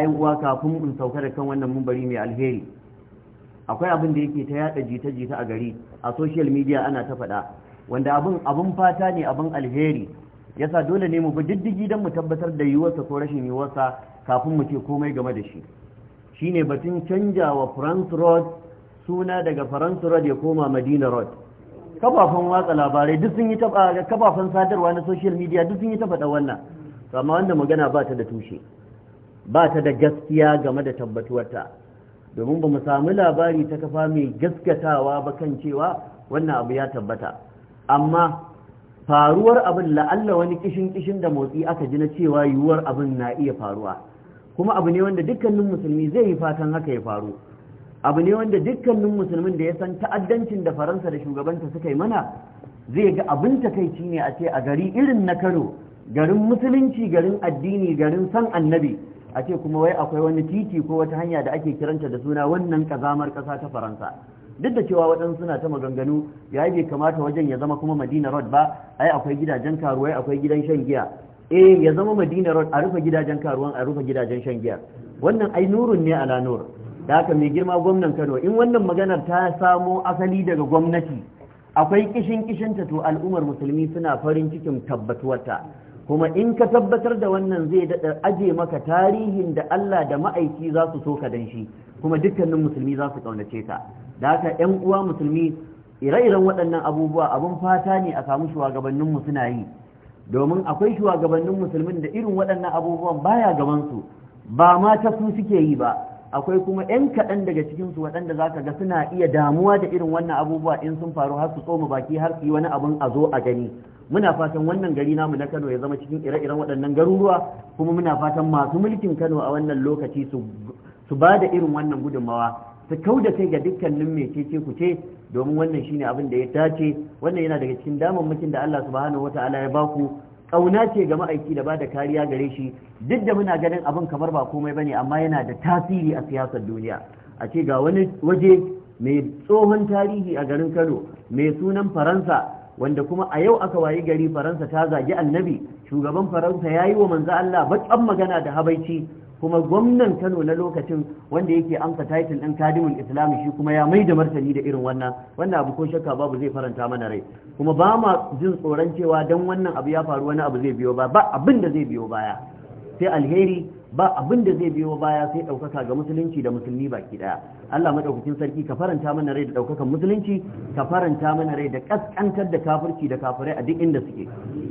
yan uwa kafin in sauka da kan wannan mumbari mai alheri akwai abin da yake ta yada jita-jita a gari a social media ana ta faɗa wanda abin abin fata ne abin alheri yasa dole ne mu bi diddigi don mu tabbatar da yiwuwarsa ko rashin yiwuwarsa kafin mu ce komai game da shi shine batun canja wa France Road suna daga France Road ya koma Madina Road kafafen watsa labarai duk sun yi kafafen sadarwa na social media duk sun yi ta faɗa wannan amma wanda magana ba ta da tushe ba ta da gaskiya game da tabbatuwarta domin ba mu samu labari ta kafa mai gaskatawa ba kan cewa wannan abu ya tabbata amma faruwar abin la'alla wani kishin kishin da motsi aka ji na cewa yiwuwar abin na iya faruwa kuma abu ne wanda dukkanin musulmi zai yi fatan haka ya faru abu ne wanda dukkanin musulmin da ya san ta'addancin da faransa da shugabanta suka yi mana zai ga abin takaici ne a ce a gari irin na kano garin musulunci garin addini garin san annabi a ce kuma wai akwai wani titi ko wata hanya da ake kiranta da suna wannan kazamar kasa ta faransa duk da cewa waɗansu suna ta maganganu ya bai kamata wajen ya zama kuma madina road ba ai akwai gidajen karuwai akwai gidan shan giya eh ya zama madina road a rufe gidajen karuwan a rufe gidajen shan giya wannan ai nurun ne ala nur da haka mai girma gwamnan kano in wannan maganar ta samo asali daga gwamnati akwai kishin kishin ta to al'ummar musulmi suna farin cikin tabbatuwarta kuma in ka tabbatar da wannan zai daɗa aje maka tarihin da Allah da ma'aiki za su so ka dan shi kuma dukkanin musulmi za su ƙaunace ka da haka yan uwa musulmi ire-iren waɗannan abubuwa abun fata ne a samu shugabanninmu suna yi domin akwai shugabannin musulmin da irin waɗannan abubuwan baya gabansu ba ma ta su suke yi ba akwai kuma 'yan kaɗan daga cikinsu waɗanda za ka ga suna iya damuwa da irin wannan abubuwa in sun faru har su tsoma baki har su yi wani abun a zo a gani muna fatan wannan gari namu na Kano ya zama cikin ire-iren waɗannan garuruwa kuma muna fatan masu mulkin Kano a wannan lokaci su ba da irin wannan gudunmawa su kau da kai ga dukkanin mai cece ku ce domin wannan shine abin da ya dace wannan yana daga cikin damammakin da Allah subhanahu wataala ya ba ku ƙauna ce ga ma'aiki da bada kariya gare shi duk da muna ganin abin kamar ba komai bane amma yana da tasiri a siyasar duniya a ce ga wani waje mai tsohon tarihi a garin Kano mai sunan Faransa wanda kuma a yau aka wayi gari faransa ta zagi annabi shugaban faransa ya yi wa manzo Allah baƙan magana da habaici kuma gwamnan kano na lokacin wanda yake amsa titan ɗin kadimul islami shi kuma ya mai da martani da irin wannan wannan abu ko shakka babu zai faranta mana rai kuma ba ma jin tsoron cewa dan wannan abu ya faru wani abu zai biyo ba ba abin da zai biyo baya sai alheri ba abin da zai biyo baya sai ɗaukaka ga musulunci da musulmi baki ɗaya Allah madaukakin sarki ka faranta mana rai da ɗaukakan musulunci ka faranta mana rai da ƙasƙantar da kafirci da kafirai a duk inda suke